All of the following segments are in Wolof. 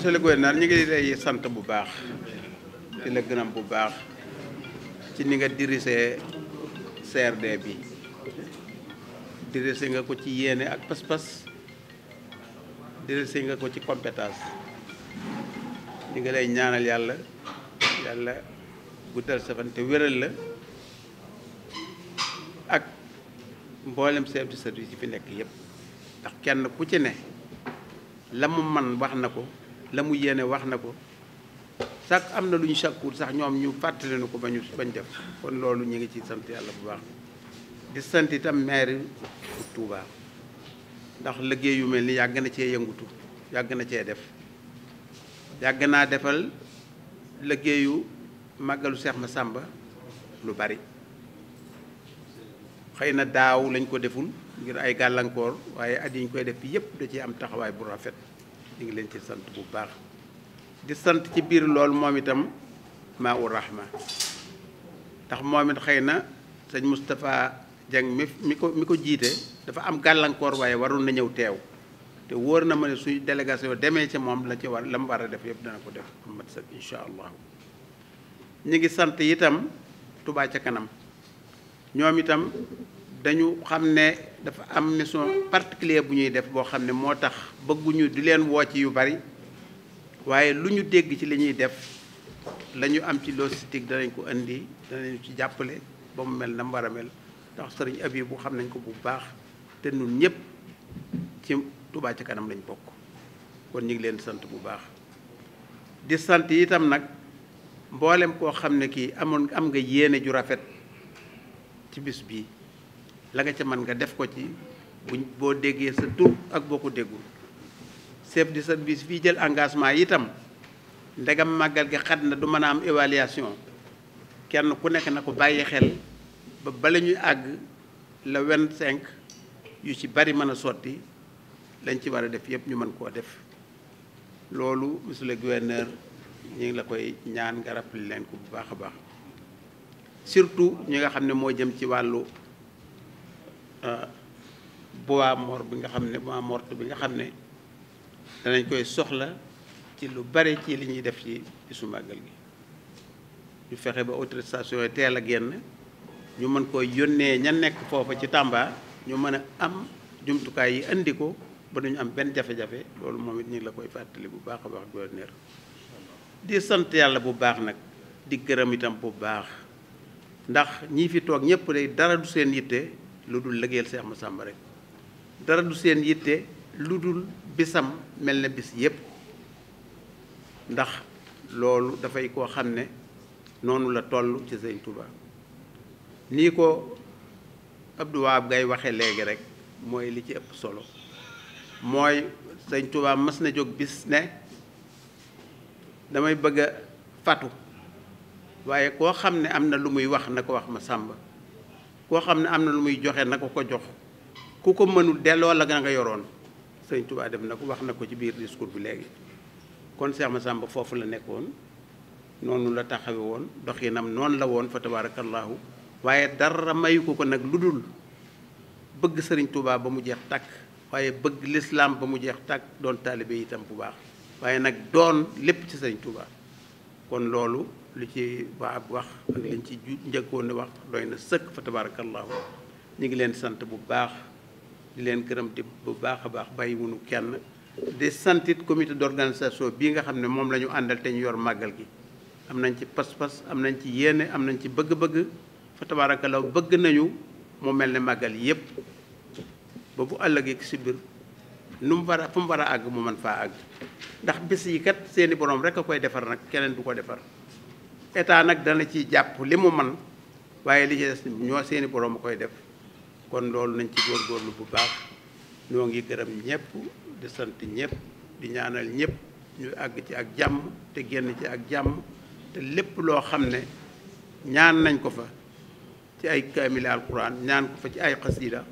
sele le naan ñu ngi lay sant bu baax di la gërëm bu baax ci ni nga dirisee CRD bi dirisee nga ko ci yéene ak pas-pas dirisee nga ko ci compétence ñu ngi lay ñaanal yàlla yàlla guddal sa fan te wéral la ak mboolem chef de service yi fi nekk yëpp ndax kenn ku ci ne la mu man wax na ko la mu yéene wax na ko sax am na lu ñu sakkuur sax ñoom ñu fàttali na ko ba ñu bañ def kon loolu ñu ngi ci sant yàlla bu baax di sant itam maire Touba ndax liggéey yu mel ni yàgg na cee yëngutu yàgg na cee def yàgg naa defal liggéeyu màggalu Seex sàmba lu bari xëy na daaw lañ ko deful ngir ay gàllankoor waaye at yi ñu koy def yépp da ciy am taxawaay bu rafet li ngi leen ci sant bu baax di sant ci biir lool moom itam maa u rahma ndax moom it xëy na sëñ Moustapha Dieng mi mi ko mi ko jiite dafa am gàllankoor waaye warul na ñëw teew te wóor na ma ne suñu délégation demee ci moom la ci war la mu war a def yëpp dana ko def amat sëb incha allah ñu ngi sant itam Touba ca kanam ñoom itam dañu xam ne dafa am mission particulière bu ñuy def boo xam ne moo tax bëgguñu di leen woo ci yu bari waaye lu ñu dégg ci li ñuy def la ñu am ci logistique danañ ko indi danañ ci jàppale ba mu mel na mu mel ndax sëriñ abi bu xam nañ ko bu baax te ñun ñëpp ci Touba ci kanam lañ bokk kon ñu leen sant bu baax di sant itam nag mboolem koo xam ne kii amoon am nga yéene ju rafet ci bis bi la nga ca mën nga def ko ci buñ boo déggee sa tur ak boo ko déggul chef de service fii jël engagement itam ndegam màggal gi xat na du mën a am évaluation kenn ku nekk na ko bàyyi xel ba bala ñuy àgg la le 25 yu ci bari mën a sotti lañ ci war a def yëpp ñu mën koo def loolu monsieur le gouverneur ñu ngi la koy ñaan nga li leen ko bu baax a baax surtout ñi nga xam ne moo jëm ci wàllu Euh, bois mort bi nga xam ne bois morte bi nga xam ne danañ koy soxla ci lu bari ci li ñuy def ci bisu màggal gi ñu fexe ba autorisation yi teel a génn ñu mën koy yónnee ña nekk foofa ci Tamba ñu mën a am jumtukaay yi indi ko ba duñu am benn jafe-jafe loolu moom it ñu la koy fàttali bu baax a baax gouverneur di sant yàlla bu baax nag di gërëm itam bu baax ndax ñii fi toog ñëpp day dara du seen yitte lu dul liggéeyal ma sàmba rek dara du seen yitte lu dul bisam mel na bis yépp ndax loolu dafay koo xam ne noonu la toll ci Sëñ Tuubaa nii ko Abdou Wahab Gaye waxe léegi rek mooy li ci ëpp solo mooy Sëñ Tuubaa mas na jóg bis ne damay bëgg a fatu waaye koo xam ne am na lu muy wax na ko wax ma sàmba koo xam ne am na lu muy joxe na ko ko jox ku ko mënul delloo la nga yoroon sëñ Tuubaa dem na ko wax na ko ci biir discours bi léegi kon Cheikh Massamba foofu la nekkoon noonu la taxawe woon dox yi doxinam noonu la woon fa tabaarakallaahu waaye dara mayu ko ko nag lu dul bëgg sëriñ Tuubaa ba mu jeex tàkk waaye bëgg lislaam ba mu jeex tàkk doon taalibe itam bu baax waaye nag doon lépp ci sëriñ Tuubaa kon loolu lu ci baab wax ak liñ ci njëkkoon wax doy na sëkk fa tabarakallahu ñu ngi leen sant bu baax di leen gërëm di bu baax a baax bàyyi kenn di santit comité d'organisation bii nga xam ne moom la ñu àndal te yor màggal gi am nañ ci pas-pas am nañ ci yéene am nañ ci bëgg-bëgg fa tabarakallahu bëgg nañu mu mel ne màggal yépp ba bu àllëgeeg si biir nu mu war a fu mu war a àgg mu man faa àgg ndax bis yi kat seeni borom rek a koy defar nag keneen du ko defar état nag dana ci jàpp li mu man waaye li ci ñoo seeni borom a koy def kon loolu nañ ci góorgóorlu bu baax ñoo ngi gërëm ñëpp di sant ñëpp di ñaanal ñëpp ñu àgg ci ak jàmm te génn ci ak jàmm te lépp loo xam ne ñaan nañ ko fa ci ay kaamil alquran ñaan ko fa ci ay xasida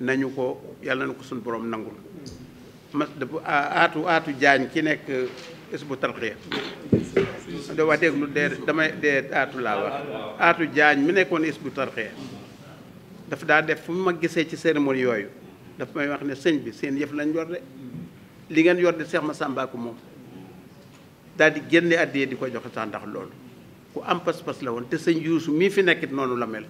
nañu ko yàlla na ko suñu borom nangul mas aatu aatu jaañ ci nekk euh, isbu tarxiya da wax déglu dee damay dee aatu laa wax aatu jaañ mi nekkoon isbu tarxiya dafa daa def fu ma gisee ci cérémonie yooyu daf may wax ne sëñ bi seen yëf lañ yor de li ngeen yor de Seex ma ko moom daal di génne àddiyee di ko joxe sax ndax loolu ku am pas-pas la woon te sëñ yuusu mii fi nekkit noonu la mel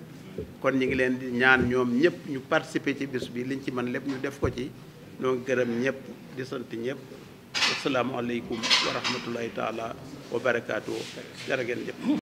kon ñu ngi leen ñaan ñoom ñëpp ñu participer ci bis bi liñ ci man lépp ñu def ko ci ñoo ngi gërëm ñëpp di sant ñëpp asalaamaaleykum wa rahmatulahi taala wa barakaatu jërë ngeen